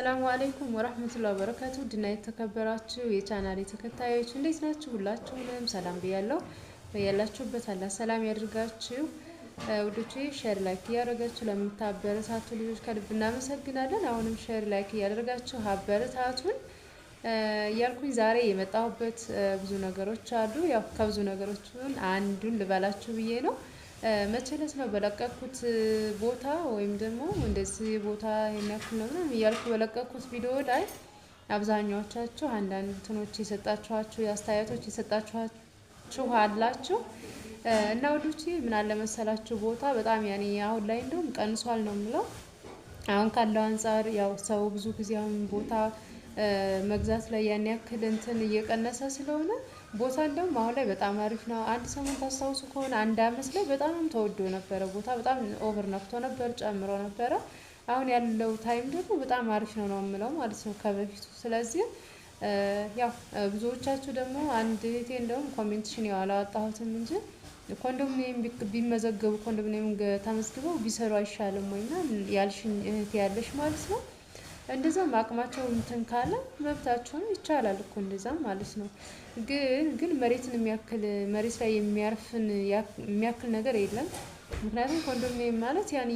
ሰላሙ አለይኩም ወራህመቱላሂ ወበረካቱ ድና የተከበራችሁ የቻናሌ ተከታዮች እንዴት ናችሁ? ሁላችሁንም ሰላም ብያለሁ። በያላችሁበት አላህ ሰላም ያድርጋችሁ። ውዶቼ ሼር ላይክ እያደረጋችሁ ለምታበረታቱ ልጆች ከልብ እናመሰግናለን። አሁንም ሼር ላይክ እያደረጋችሁ አበረታቱን እያልኩኝ ዛሬ የመጣሁበት ብዙ ነገሮች አሉ። ያው ከብዙ ነገሮችን አንዱን ልበላችሁ ብዬ ነው። መቼ ዕለት ነው በለቀኩት ቦታ ወይም ደግሞ እንደዚህ ቦታ የሚያክል ነው ምናምን እያልኩ በለቀኩት ቪዲዮ ላይ አብዛኛዎቻችሁ አንዳንድ እንትኖች የሰጣችኋችሁ የአስተያየቶች የሰጣችኋችሁ አላችሁ እና ወዶቼ ምን አለ መሰላችሁ ቦታ በጣም ያኔ አሁን ላይ እንደውም ቀንሷል ነው የምለው። አሁን ካለው አንጻር ያው ሰው ብዙ ጊዜ አሁን ቦታ መግዛት ላይ ያን ያክል እንትን እየቀነሰ ስለሆነ ቦታ እንደውም አሁን ላይ በጣም አሪፍ ነው። አንድ ሰሞን ታስታውሱ ከሆነ አንድ አመት ላይ በጣም ተወዶ ነበረ ቦታ በጣም ኦቨር ነክቶ ነበር ጨምሮ ነበረ። አሁን ያለው ታይም ደግሞ በጣም አሪፍ ነው ነው የምለው ማለት ነው ከበፊቱ። ስለዚህ ያው ብዙዎቻችሁ ደግሞ አንድ ቤቴ እንደውም ኮሜንትሽን ያው አላወጣሁትም እንጂ ኮንዶሚኒየም ቢመዘገቡ ኮንዶሚኒየም ተመዝግበው ቢሰሩ አይሻልም ወይና ያልሽኝ ያለሽ ማለት ነው እንደዛም አቅማቸው እንትን ካለ መብታቸውን ይቻላል እኮ እንደዛም ማለት ነው። ግን ግን መሬትን የሚያክል መሬት ላይ የሚያርፍን የሚያክል ነገር የለም። ምክንያቱም ኮንዶሚኒየም ማለት ያኔ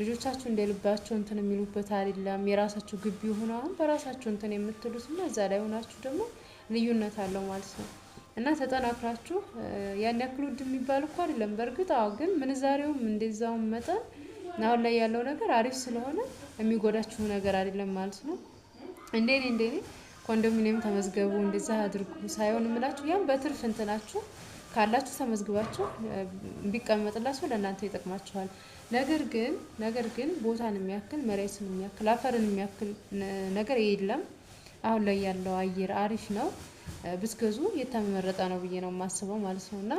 ልጆቻችሁ እንደ ልባቸው እንትን የሚሉበት አይደለም። የራሳችሁ ግቢ ሆነ አሁን በራሳችሁ እንትን የምትሉት እና እዛ ላይ ሆናችሁ ደግሞ ልዩነት አለው ማለት ነው። እና ተጠናክራችሁ ያን ያክል ውድ የሚባል እኮ አይደለም። በእርግጥ አዎ፣ ግን ምንዛሬውም እንደዛውም መጠን አሁን ላይ ያለው ነገር አሪፍ ስለሆነ የሚጎዳችሁ ነገር አይደለም ማለት ነው። እንደኔ እንደኔ ኮንዶሚኒየም ተመዝገቡ፣ እንደዛ አድርጉ ሳይሆን የምላችሁ ያም በትርፍ እንትናችሁ ካላችሁ ተመዝግባችሁ ቢቀመጥላችሁ ለእናንተ ይጠቅማችኋል። ነገር ግን ነገር ግን ቦታን የሚያክል መሬትን የሚያክል አፈርን የሚያክል ነገር የለም። አሁን ላይ ያለው አየር አሪፍ ነው፣ ብትገዙ የተመረጠ ነው ብዬ ነው የማስበው ማለት ነው እና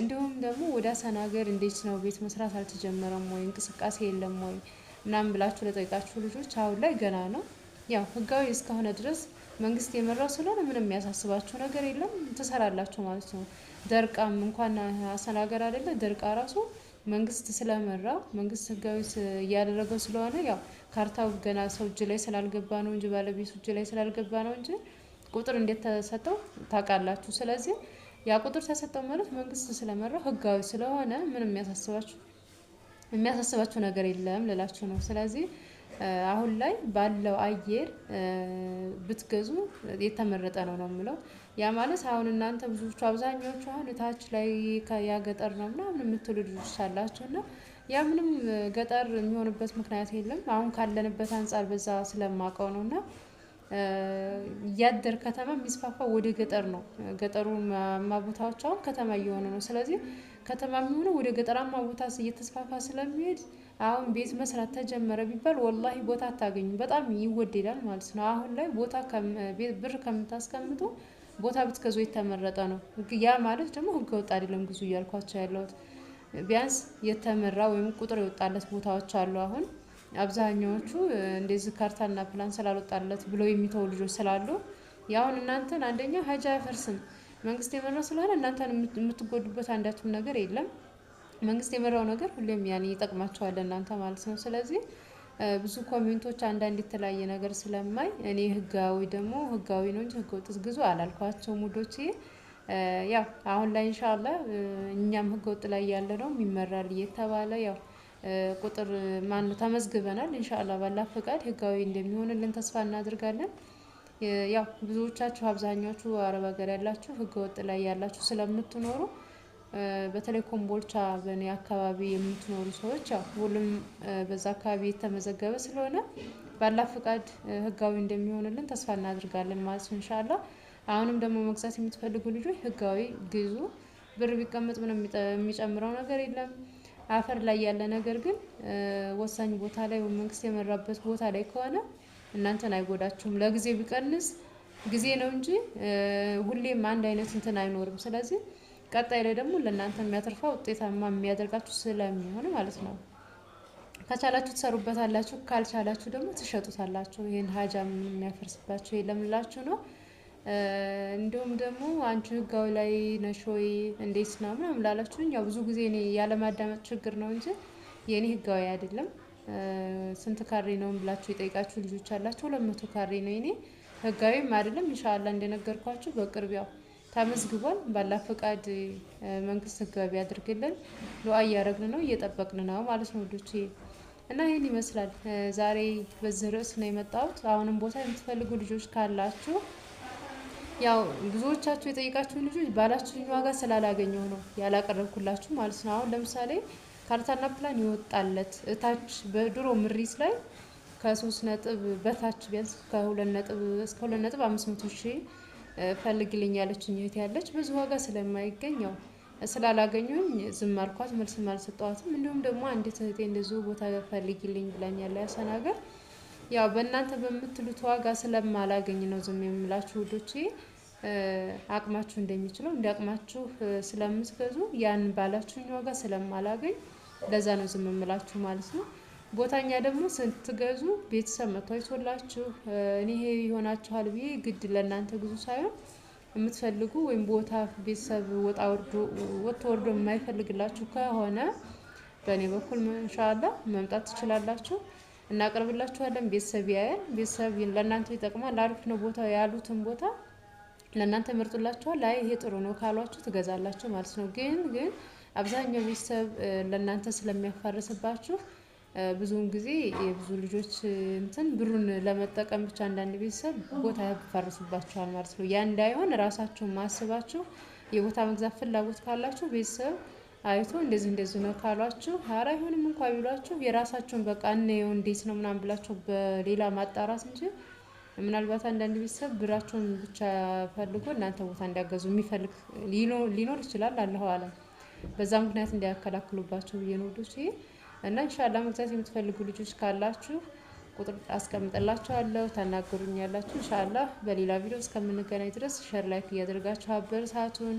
እንዲሁም ደግሞ ወደ አሰና ሀገር እንዴት ነው ቤት መስራት አልተጀመረም ወይ እንቅስቃሴ የለም ወይ ምናምን ብላችሁ ለጠይቃችሁ ልጆች አሁን ላይ ገና ነው። ያው ህጋዊ እስከሆነ ድረስ መንግስት የመራው ስለሆነ ምንም የሚያሳስባችሁ ነገር የለም፣ ትሰራላችሁ ማለት ነው። ደርቃም እንኳን አሰና ሀገር አይደለ ደርቃ ራሱ መንግስት ስለመራ መንግስት ህጋዊ እያደረገው ስለሆነ ያው ካርታው ገና ሰው እጅ ላይ ስላልገባ ነው እንጂ ባለቤቱ እጅ ላይ ስላልገባ ነው እንጂ ቁጥር እንደተሰጠው ታውቃላችሁ። ስለዚህ ያ ቁጥር ተሰጠው ማለት መንግስት ስለመራው ህጋዊ ስለሆነ ምንም የሚያሳስባችሁ የሚያሳስባችሁ ነገር የለም ልላችሁ ነው። ስለዚህ አሁን ላይ ባለው አየር ብትገዙ የተመረጠ ነው ነው የምለው። ያ ማለት አሁን እናንተ ብዙዎቹ አብዛኛዎቹ አሁን እታች ላይ ያገጠር ነው ምናምን የምትሉ ልጆች አላችሁ እና ያ ምንም ገጠር የሚሆንበት ምክንያት የለም። አሁን ካለንበት አንጻር በዛ ስለማውቀው ነው እና ያደር ከተማ የሚስፋፋ ወደ ገጠር ነው። ገጠሩ ማቦታዎች አሁን ከተማ እየሆነ ነው። ስለዚህ ከተማ የሚሆነው ወደ ገጠራማ ቦታ እየተስፋፋ ስለሚሄድ አሁን ቤት መስራት ተጀመረ ቢባል ወላሂ ቦታ አታገኙም። በጣም ይወደዳል ማለት ነው። አሁን ላይ ቦታ ብር ከምታስቀምጡ ቦታ ብትገዙ የተመረጠ ነው። ያ ማለት ደግሞ ህገወጥ አይደለም ግዙ እያልኳቸው ያለሁት ቢያንስ የተመራ ወይም ቁጥር የወጣለት ቦታዎች አሉ አሁን አብዛኛዎቹ እንደዚህ ካርታና ፕላን ስላልወጣለት ብለው የሚተው ልጆች ስላሉ ያሁን እናንተን አንደኛ ሀጅ አያፈርስም። መንግስት የመራው ስለሆነ እናንተን የምትጎዱበት አንዳችም ነገር የለም። መንግስት የመራው ነገር ሁሌም ያን ይጠቅማቸዋል እናንተ ማለት ነው። ስለዚህ ብዙ ኮሜንቶች አንዳንድ የተለያየ ነገር ስለማይ እኔ ህጋዊ ደግሞ ህጋዊ ነው እንጂ ህገ ህገወጥ ግዙ አላልኳቸው ሙዶች። ያው አሁን ላይ እንሻላ እኛም ህገ ወጥ ላይ ያለ ነው የሚመራል እየተባለ ያው ቁጥር ማን ተመዝግበናል። ኢንሻአላ ባላ ፈቃድ ህጋዊ እንደሚሆንልን ተስፋ እናድርጋለን። ያው ብዙዎቻችሁ አብዛኛዎቹ አረብ ሀገር ያላችሁ ህገ ወጥ ላይ ያላችሁ ስለምትኖሩ በተለይ ኮምቦልቻ በእኔ አካባቢ የምትኖሩ ሰዎች ያው ሁሉም በዛ አካባቢ የተመዘገበ ስለሆነ ባላ ፈቃድ ህጋዊ እንደሚሆንልን ተስፋ እናድርጋለን ማለት ነው። እንሻላ አሁንም ደግሞ መግዛት የምትፈልጉ ልጆች ህጋዊ ግዙ። ብር ቢቀመጥ ምንም የሚጨምረው ነገር የለም። አፈር ላይ ያለ ነገር ግን ወሳኝ ቦታ ላይ መንግስት የመራበት ቦታ ላይ ከሆነ እናንተን አይጎዳችሁም። ለጊዜ ቢቀንስ ጊዜ ነው እንጂ ሁሌም አንድ አይነት እንትን አይኖርም። ስለዚህ ቀጣይ ላይ ደግሞ ለእናንተ የሚያተርፋ ውጤታማ የሚያደርጋችሁ ስለሚሆን ማለት ነው። ከቻላችሁ ትሰሩበታላችሁ፣ ካልቻላችሁ ደግሞ ትሸጡታላችሁ። ይህን ሀጃ የሚያፈርስባችሁ የለምላችሁ ነው። እንዲሁም ደግሞ አንቺ ህጋዊ ላይ ነሽ ወይ እንዴት ነው ምናምን ላላችሁኝ፣ ያው ብዙ ጊዜ እኔ ያለማዳመጥ ችግር ነው እንጂ የእኔ ህጋዊ አይደለም። ስንት ካሬ ነው ብላችሁ የጠይቃችሁ ልጆች አላችሁ። ሁለት መቶ ካሬ ነው ኔ ህጋዊም አይደለም። እንሻላ እንደነገርኳችሁ በቅርብ ያው ተመዝግቧል። ባላ ፈቃድ መንግስት ህጋዊ ያድርግልን። ዱአ እያደረግን ነው እየጠበቅን ነው ማለት ነው ልጆች እና ይህን ይመስላል። ዛሬ በዚህ ርዕስ ነው የመጣሁት። አሁንም ቦታ የምትፈልጉ ልጆች ካላችሁ ያው ብዙዎቻችሁ የጠይቃችሁን ልጆች ባላችሁኝ ዋጋ ስላላገኘው ነው ያላቀረብኩላችሁ ማለት ነው። አሁን ለምሳሌ ካርታና ፕላን ይወጣለት እታች በድሮ ምሪት ላይ ከሶስት ነጥብ በታች ቢያንስ ከሁለት ነጥብ እስከ ሁለት ነጥብ አምስት መቶ ሺህ ፈልግልኝ ያለችኝ እህት ያለች ብዙ ዋጋ ስለማይገኝ ያው ስላላገኙኝ ዝም አልኳት። መልስም አልሰጠዋትም። እንዲሁም ደግሞ አንዲት እህቴ እንደዚሁ ቦታ ፈልጊልኝ ብላኛለ ያሰናገር ያው በእናንተ በምትሉት ዋጋ ስለማላገኝ ነው ዝም የምላችሁ ውዶች አቅማችሁ እንደሚችለው እንደ አቅማችሁ ስለምትገዙ ያን ባላችሁኝ ዋጋ ስለማላገኝ ለዛ ነው ዝም የምላችሁ ማለት ነው። ቦታኛ ደግሞ ስትገዙ ቤተሰብ መጥቶ አይቶላችሁ እኔ ይሄ ይሆናችኋል ብዬ ግድ ለእናንተ ግዙ ሳይሆን የምትፈልጉ ወይም ቦታ ቤተሰብ ወጣ ወጥቶ ወርዶ የማይፈልግላችሁ ከሆነ በእኔ በኩል እንሻላ መምጣት ትችላላችሁ። እናቀርብላችኋለን። ቤተሰብ ያያል። ቤተሰብ ለእናንተ ይጠቅማል። አሪፍ ነው ቦታ ያሉትን ቦታ ለእናንተ መርጡላችኋል። አይ ይሄ ጥሩ ነው ካሏችሁ ትገዛላችሁ ማለት ነው። ግን ግን አብዛኛው ቤተሰብ ለእናንተ ስለሚያፋርስባችሁ ብዙውን ጊዜ የብዙ ልጆች እንትን ብሩን ለመጠቀም ብቻ አንዳንድ ቤተሰብ ቦታ ያፋርስባችኋል ማለት ነው። ያ እንዳይሆን ራሳችሁ ማስባችሁ የቦታ መግዛት ፍላጎት ካላችሁ ቤተሰብ አይቶ እንደዚህ እንደዚህ ነው ካሏችሁ፣ ኧረ አይሆንም እንኳ ቢሏችሁ የራሳችሁን በቃ እንየው እንዴት ነው ምናምን ብላችሁ በሌላ ማጣራት እንጂ ምናልባት አንዳንድ ቤተሰብ ብራችሁን ብቻ ፈልጎ እናንተ ቦታ እንዲያገዙ የሚፈልግ ሊኖር ይችላል። አለሁ አለም በዛ ምክንያት እንዲያከላክሉባቸው ብዬ ነው እና እንሻላ መግዛት የምትፈልጉ ልጆች ካላችሁ ቁጥር አስቀምጥላችኋለሁ፣ ታናገሩኝ ያላችሁ እንሻላ። በሌላ ቪዲዮ እስከምንገናኝ ድረስ ሸር ላይክ እያደርጋችሁ አበረታቱን።